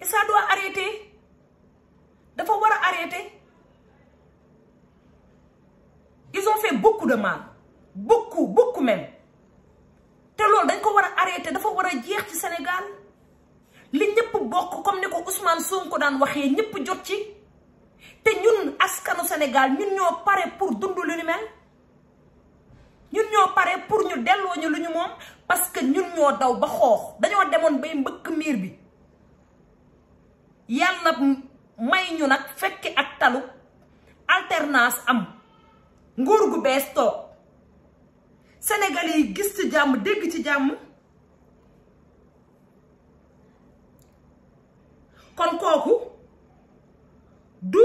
et ça doit dafa war a arrêter ils ont fait beaucoup de mal beaucoup beaucoup te loolu dañ ko war a arrêter dafa war a jeex ci Sénégal li ñëpp bokk comme ni ko Ousmane ko daan waxee ñëpp jot ci te ñun askanu Sénégal ñun ñoo pare pour dund lu ni mel ñun ñoo pare pour ñu delloo ñu lu ñu moom parce que ñun ñoo daw ba xoox dañoo demoon bay mbëkk miir bi. yàlla may ñu nag fekki ak talu alternance am nguur gu bees toog Sénégalais yi gis ci jàmm dégg ci jàmm kon kooku du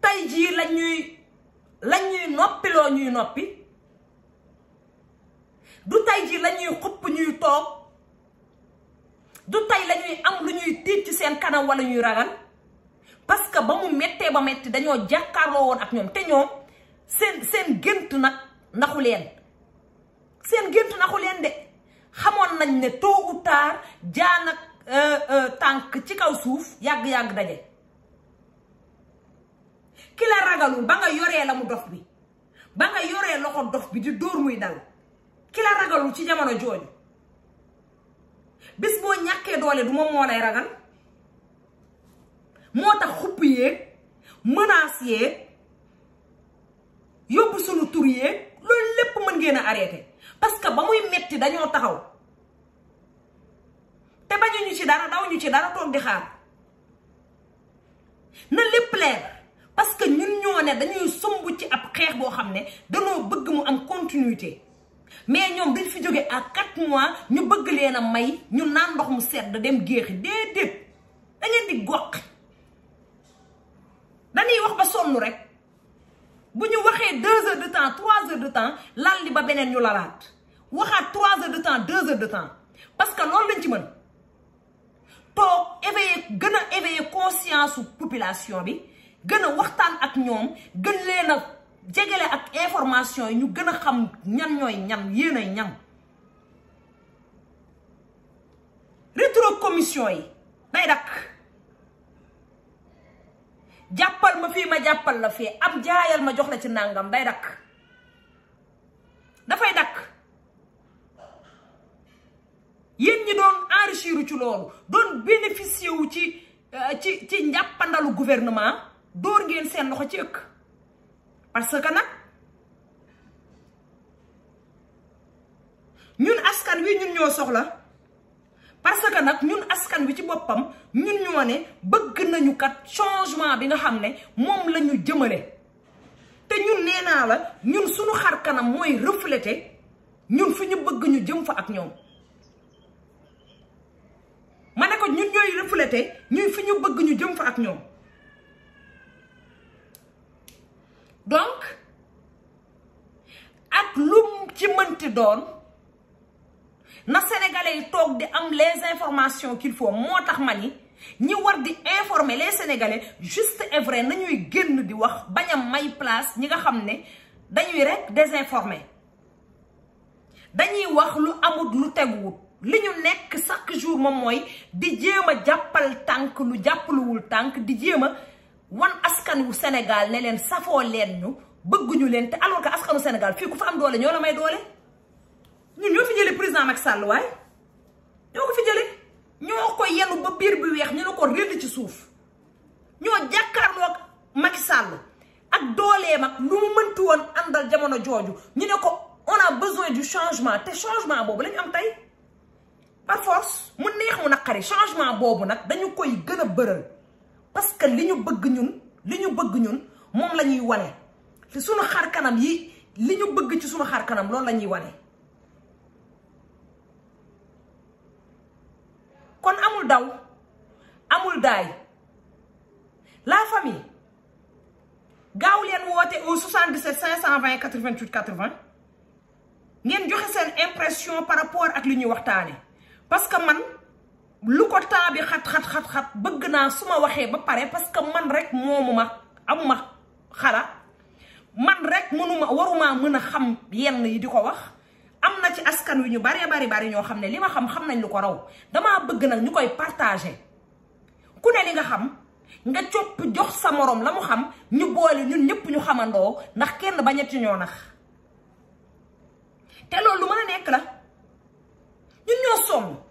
tey jii lañ ñuy noppiloo ñuy noppi du tey jii lañuy xupp ñuy toog du tey la am lu ñuy tiit ci seen kanam wala ñuy ragal parce que ba mu méttee ba métti dañoo jàkkaarloo woon ak ñoom te ñoom seen seen gént nag naxu seen gént naxu leen de xamoon nañ ne tôt ou tard jaan ak euh, euh, tànk ci kaw suuf yàgg-yàgg daje ki la ragalul ba nga yoree la mu dof bi ba nga yoree loxo dof bi di dóor muy dal ki la wu ci jamono jooju bis boo ñàkkee doole du moo lay ragal moo tax xupp yeeg menace yeeg yóbbu sunu tur yeeg loolu lépp mën ngeen a arrêté parce ba muy metti dañoo taxaw te bañuñu ci dara daw ñu ci dara toog di xaar na lépp leer parce que ñun ñoo ne dañuy sumb ci ab xeex boo xam ne danoo bëgg mu am continuité mais ñoom dañ fi jóge à quatre mois ñu bëgg leen a may ñu naan ndox mu sedd dem géexi déedéet da ngeen di gox dañuy wax ba sonn rek bu ñu waxee deux heures de temps trois heures de temps lal li ba beneen ñu lalaat waxaat trois heures de temps deux de temps parce que loolu lañ ci mën toog éveiller gën a éveiller conscience su population bi gën a waxtaan ak ñoom gën leen a jegele ak information yi ñu gën a xam ñan ñooy ñam yéen ñam ñan commission yi day dakk jàppal ma fii ma jàppal la fii am jaayal ma jox la ci nàngam day dakk dafay dakk yéen ñi doon enrichir ci loolu doon bénéficier wu ci euh, ci ci njàppandalu gouvernement dóor ngeen seen loxo ci ëkk parce que nag ñun askan wi ñun ñoo soxla parce que nag ñun askan wi ci boppam ñun ñoo ne bëgg nañu kat changement bi nga xam ne moom lañu ñu jëmale te ñun nee naa la ñun suñu xar kanam mooy refléter ñun fi ñu bëgg ñu jëm fa ak ñoom ma ne ko ñun ñooy refléter ñun fi ñu bëgg ñu jëm fa ak ñoom donc ak lum ci mënti doon na sénégalais yi toog di am les informations qu'il faut moo tax ma ni ñi war di informer les sénégalais juste et nañuy génn di wax bañ may place ñi nga xam ne dañuy rek désinformer dañuy wax lu amut lu teguwut li ñu nekk chaque jour moom mooy di jéem a jàppal tànk lu jàppaluwul tànk di jéema wan wu Sénégal ne leen safoo leen ñu bëgguñu leen te alors que askanu Sénégal fii ku fa am doole ñoo la may doole ñun ñoo fi jëlee président Macky Sall waaye ñoo ko fi jëlee ñoo ko yenu ba biir bi weex ñu ne ko rëdd ci suuf ñoo jàkkaarloog Macky Sall ak dooleem ak lu mu mënti woon àndal jamono jooju ñu ne ko on a besoin du changement te changement boobu lañu am tey par force mu neex mu naqari changement boobu nag dañu koy gën a bërël parce que li ñu bëgg ñun li ñu bëgg ñun moom la ñuy wane te xar kanam yi li ñu bëgg ci suñu xar kanam loolu lañuy ñuy wane kon amul daw amul daay la famille gaaw leen woote au 77 520 88 80 ngeen joxe seen impression par rapport ak li ñuy waxtaane parce que man lu ko temps bi xat xat xat bëgg naa su ma waxee ba pare parce que man rek moomu ma amuma xalaat man rek mënuma waruma mën a xam yenn yi di ko wax am na ci askan wi ñu bari bari bari ñoo xam ne li ma xam xam nañ lu ko raw dama bëgg nag ñu koy partagé ku ne li nga xam nga copp jox sa morom la mu xam ñu boole ñun ñépp ñu xamandoo ndax kenn baña ci ñoo nax te loolu lu mën a nekk la ñun ñoo sonn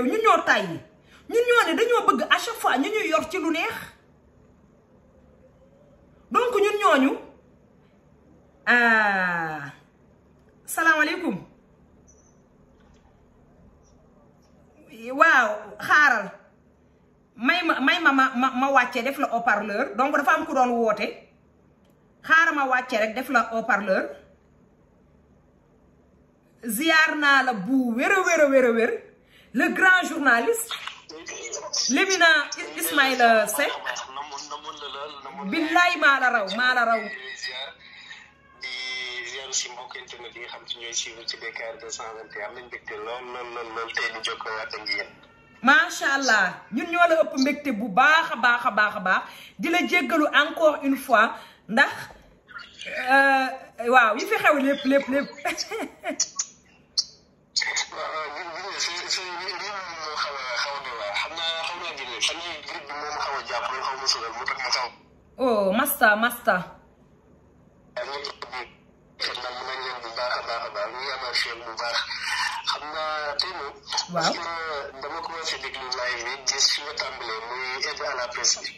yow ñun ñoo tàyyi ñun ñoo ne dañoo bëgg à chaque fois ñu ñuy yor ci lu neex donc ñun ñooñu ah salaamaaleykum waaw xaaral may ma may ma ma ma wàcce def la haut-parleur donc dafa am ku doon woote xaaral ma wàcce rek def la haut-parleur ziyaar naa la bu wér a wér wér le grand journaliste l'éminent Ismaïla Seck billaay maa la raw maa la raw si mbokk internet am nañ mbégte lool lool lool lool tey di macha allah ñun ñoo la ëpp mbégte bu baax a baax a baax a baax di la jéggalu encore une fois ndax euh, waaw yi fi xew lépp lépp lépp oh masta masta. waaw dama commencé déglu live bi gis fi nga tàmbalee muy aide à la presse bi.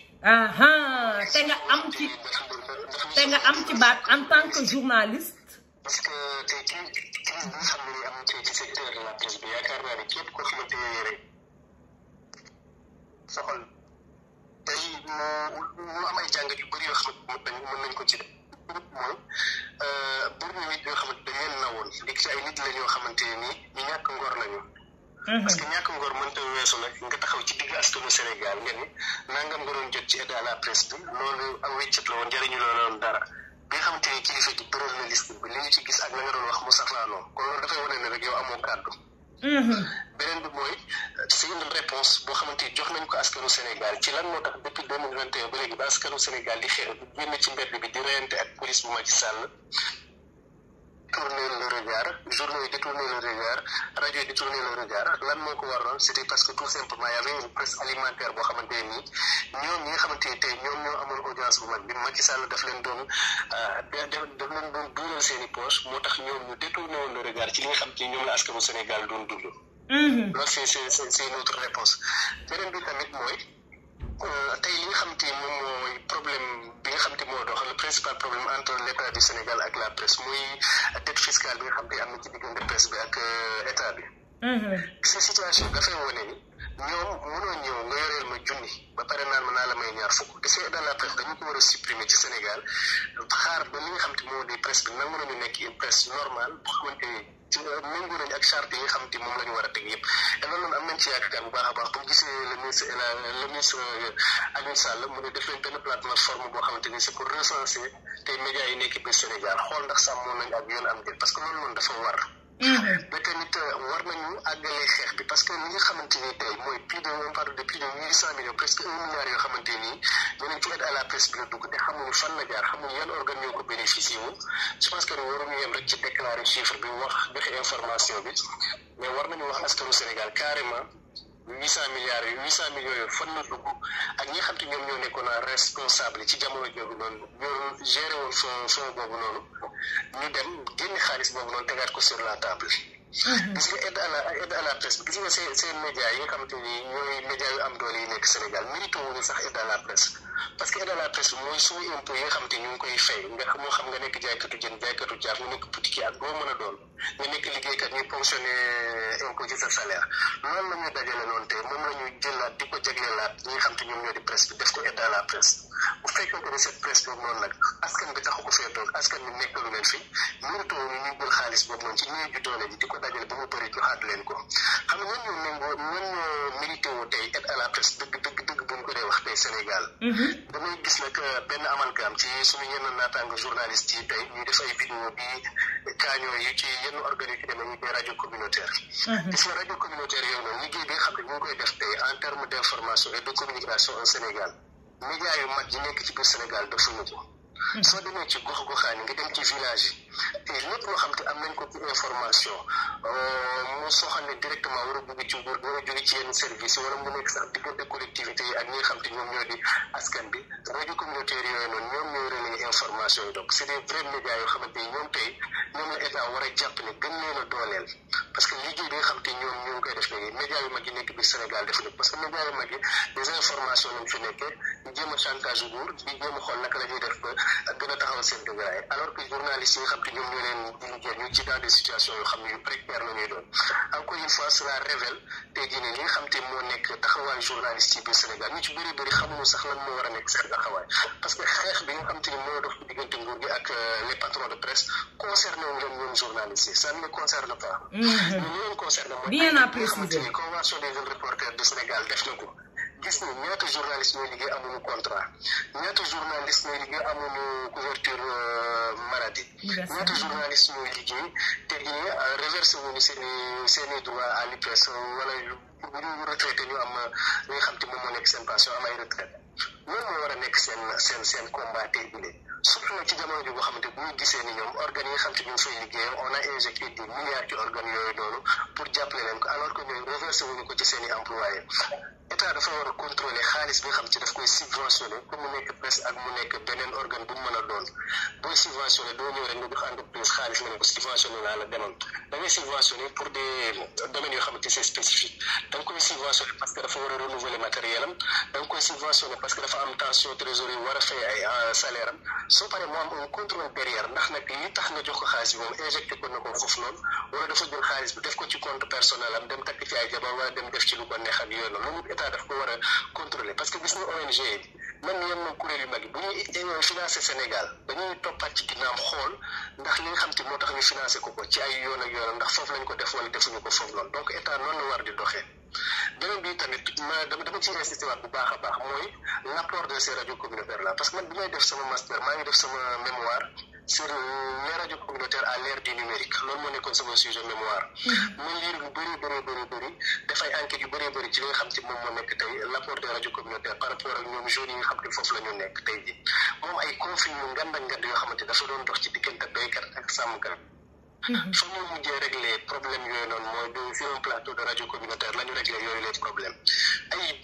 te nga am ci te nga am ci baat en tant que journaliste. parce que tey ci crise bi xam ne am tey ci secteur de la presse bi yaakaar naa ne képp koo xamante ne rek soxal. tey mu mu am ay jàngat yu bëri yoo xamante ne mën nañ ko ci def mooy euh, bëri na nit yoo xamante dañ leen ci ay nit la ñoo xamante ne nii ñu ñàkk ngor lañu mhm. parce que ñàkk ngor mënta weesu nag nga taxaw ci digg askanu Sénégal nga ni nangam nga doon ci aide à la presse bi loolu am wéccat la woon jariñu la dara bi xamante ne kilifa ji tëral na liste bi li ñu ci gis ak la nga doon wax mu safaanoo kon loolu dafay wane ne rek yow amoo kàddu Mm-hmm. beneen bi mooy c'est une réponse boo xamante ni jox nañ ko askanu Sénégal ci lan moo tax depuis deux mille ba léegi ba askanu Sénégal di xeex di génn ci mbedd bi di reyante ak police bu Macky Sall détourner le regard journaux yi le regard rajo yi détourner le regard lan moo ko waroon c'était parce que tout simplement y avait une alimentaire boo xamante ne nii ñoom ñi nga xamante ne tey ñoom ñoo amoon audience bu mag bi Macky Sall daf leen doon euh, daf leen doon duural seen i poche moo tax ñoom ñu détourner woon le regard ci li nga xam ne ñoom la askanu Sénégal doon dund. Mm-hmm. loolu c'est c'est c'est une autre réponse beneen bi tamit mooy. Euh, tey li nga xam te moom mooy problème bi nga xam te moo dox le principal problème entre du Sénégal ak la presse muy dette fiscale bi nga xam te am na ci diggante presse ak euh, état bi. si mm-hmm. situation dafay ñoom mënoo ñëw nga yoreel ma junni ba pare naan ma naa la may ñaar fukk te c'est dans la presse dañu ko war a supprimer ba li nga xam te moo di presse bi nangu nañu nekk une presse normale boo xamante ni ci euh, méngoo nañu ak charte moom la ñu war a teg yëpp te euh, def nañ boo xamante ni c'est pour recenser tey médias yi nekk biir Sénégal xool ndax sàmmoon nañ ak yoon am déet parce que loolu dafa war mais mm-hmm. tamit euh, war nañu àggale xeex bi parce que li nga xamante ni mooy plus de on parle de plus de huit presque un milliard yoo xamante nii ñeneen à la presse bi la dugg te xamuñu fan la jaar xamuñu yan organe ñoo ko bénéficié wu je pense que waruñu yem rek ci déclarer chiffre bi wax joxe information bi mais war nañu wax askanu Sénégal carrément huit cent milliards yi huit cent millions yooyu na lu dugg ak ñi xam te ñoom ñoo nekkoon a responsable ci jamono jooju noonu ñoo géré woon son son boobu ñu dem génn xaalis boobu noonu tegaat ko sur la table gis nga aide à la aide à la presse bi gis nga seen seen média yi nga xamante ni ñooy média yu am doole nekk Sénégal mérite wuñu sax aide la presse parce que aide la presse mooy suñu a doon nga nekk liggéeykat ñuy ponctionné ko di presse bi def nag askan bi taxu ko fee toog askan bi nekkalu leen fi mérite wuñu ñu jël xaalis boobu noonu ci ñuy ju doole di ko dajale ba mu bëri joxaat leen ko xam nga ñun ñoo méngoo ñun ñoo à la presse dëgg dëgg dëgg bu ñu ko dee wax tey Sénégal. Mhm. damay gis nag euh, benn amalgame ci suñu yenn naataango journaliste yi tey ñuy def ay vidéo bi kaañoo yi ci yenn organisme demee ñu rajo communautaire. Mhm. gis nga rajo communautaire yooyu noonu liggéey bi nga xam ne ñu ngi koy def tey en terme d' information et de communication au Sénégal média yu mag yi nekk ci biir Sénégal defuñu ko. Mm. soo demee ci gox goxaan nga dem ci village yi lépp loo xam te am nañ ko ci information euh, mu soxal ne directement war a jóge ci nguur war a jóge ci yenn service xam te ñoom ñoo di bi rajo communautaire yooyu information yi donc c'est des vrais médias yoo xamante ni ñoom que liggéey te ñoom def léegi que média yu nekkee di a chantage nguur di jéem a xool naka la ñuy def ba ak gën a taxawal seen dëgëraay alors que journalistes yi nga xam te ñoom ñoo leen di liggéey ñu ci dans des situations yoo xam ne yu la ñuy doon encore une fois cela révèle tey jii nii li xam te moo nekk taxawaay journaliste yi biir Sénégal ñu ci bëri bëri xamuñu sax lan moo war a nekk seen taxawaay parce que xeex bi nga xam te ni moo dox ci diggante nguur gi ak euh, les patrons de presse concerné wu leen ñoom journalistes yi ça ne mm-hmm. leen concerné mooy. bien gis na ñaata journaliste ñooy liggéey amuñu contrat ñaata journaliste ñooy liggéey amuñu couverture euh, maladie ñaata journaliste ñooy liggéey te ñu euh, reversé wuñu seen i seen i droit à l'IPRES wala ñu ñu retraité ñu am euh, li nga xam te moom moo nekk seen pension am ay retraite loolu war a nekk seen seen seen combat tey bi ci jamono ji nga xamante bu ñu gisee ni ñoom organes yi nga xam te ñu ngi fay liggéeyam on a injecté des milliards ci organes yooyu noonu pour jàppale leen ko alors que ñoom ko ci seen i employés état dafa war a contrôler xaalis bi nga xam ci daf koy subventionné ku mu nekk presse ak mu nekk beneen organe bu mu mën a doon booy subventionné doo ñëw rek nga jox ko da ngay subventionné pour des euh, xaalis bi moom injecté ko na ko foofu noonu wala dafa jël xaalis bi def ko ci compte personnel am dem takk ci ay jabar wala dem def ci lu ko neex ak yooyu noonu état daf ko war a contrôler parce que gis nga ONG bi même yenn kuréel yu mag yi bu ñuy financé Sénégal dañuy toppaat ci ginnaaw xool ndax li xam te moo tax ñu financé ko ko ci ay yoon ak yoonam ndax foofu lañ ko def wala defuñu ko foofu loolu donc état noonu la war di doxee. beneen bi tamit ma dama dama ciy insisté waat bu baax a baax mooy l' apport de ces rajo communautaires là parce que bi may def sama master maa ngi def sama mémoire sur les rajo communautaires à l'ère du numérique loolu moo nekkoon sama sujet mémoire. Mm-hmm. ma lire lu bëri bëri bëri bëri def ay enquêtes yu bëri bëri ci li nga xam ci moom moo nekk tey l' apport des rajo communautaires par rapport ak ñoom jeunes yi xam ne foofu la ñu nekk tey ji moom ay conflits yu ngand ak ngand yoo Mm-hmm. su ñu mujjee réglé problème yooyu noonu mooy de sur un plateau de rajo communautaire la ñu réglé yooyu les problèmes ay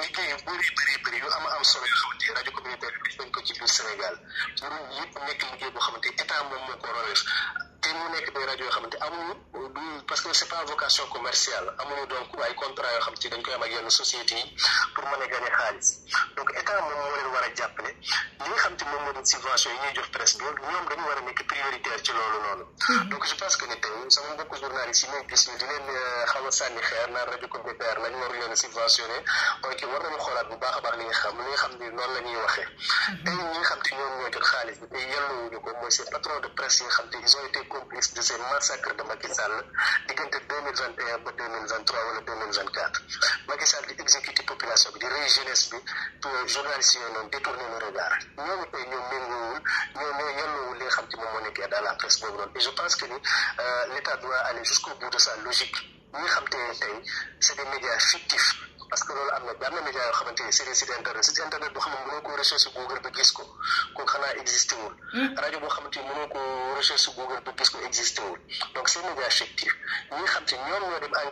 liggéey yu bëri bëri yu am am solo yoo xamante ni rajo communautaire bi dañ ko ci biir Sénégal pour yëpp nekk boo xamante état moom moo ko war a def te mu nekk des rajo yoo xamante amuñu du parce que c'est pas vocation commerciale amuñu donc ay contrat yoo xamante dañ koy am ak yenn sociétés yi pour mën a gagner xaalis donc état moom moo leen war a jàppale de ñuy jox presse bi ñoom dañu war a nekk prioritaire ci loolu noonu. Hmm. donc je pense que ni tey sama mbokku journaliste yi ñoom gis ñu di leen euh, xaw a xeer naan rajo communautaire lañ waru leen war nañu xoolaat bu baax baax li nga xam li nga xam ni hmm. ñoom ñoo jot xaalis bi tey yelloowuñu ko mooy ces patrons de presse yi xam te ils ont de ces massacres de Macky Sall diggante deux ba deux mille di exécuté population di rey jeunesse bi ñoo méngoowul ñoo ñoo yelloowul xam ci moom moo nekk aide à la presse noonu et je pense que ni euh, l' état doit aller jusqu'au bout de sa logique ñi xam te ne tey c' est des parce que loolu am na benn média yoo xamante ni c'est internet site internet boo xam ne mënoo ko recherche Google ba gis ko kooku xanaa existé hmm. rajo boo xamante ni mënoo ko recherche Google ba gis ko existé donc ces médias fictifs ñi xam te ñoom ñoo dem que euh,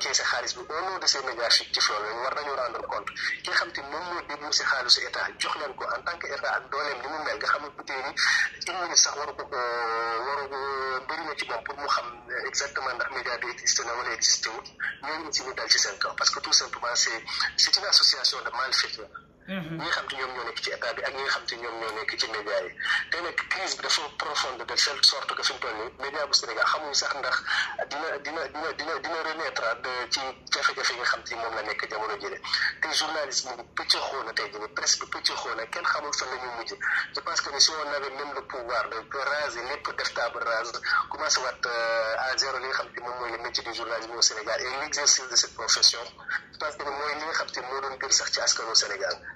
dal ci seen kaw parce que tout simplement c'est c'est une association de malfaiteurs Mm-hmm. ñi nga xam te ñoom ñoo nekk ci état bi ak ñi xam te ñoom ñoo nekk ci média yi te nag crise bi dafa profonde de telle sorte que fi mu toll nii média bu Sénégal xamuñu sax ndax dina dina dina dina dina renaître ci jafe-jafe yi xam te moom la nekk jamono jële te journalisme bi pëccëxoo na tey jii presque pëccëxoo na kenn xamul fan la mujj je pense que ni si on avait même le pouvoir de raser lépp def table rase commencé waat euh, à zéro xam te moom mooy le métier du journalisme au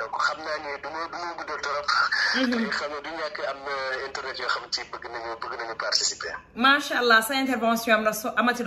donc xam naa ne du ma du ma guddal trop. Mhm. xam ne du ñàkk am internet yoo xam ci bëgg nañu bëgg nañu participer. macha allah sa intervention am na so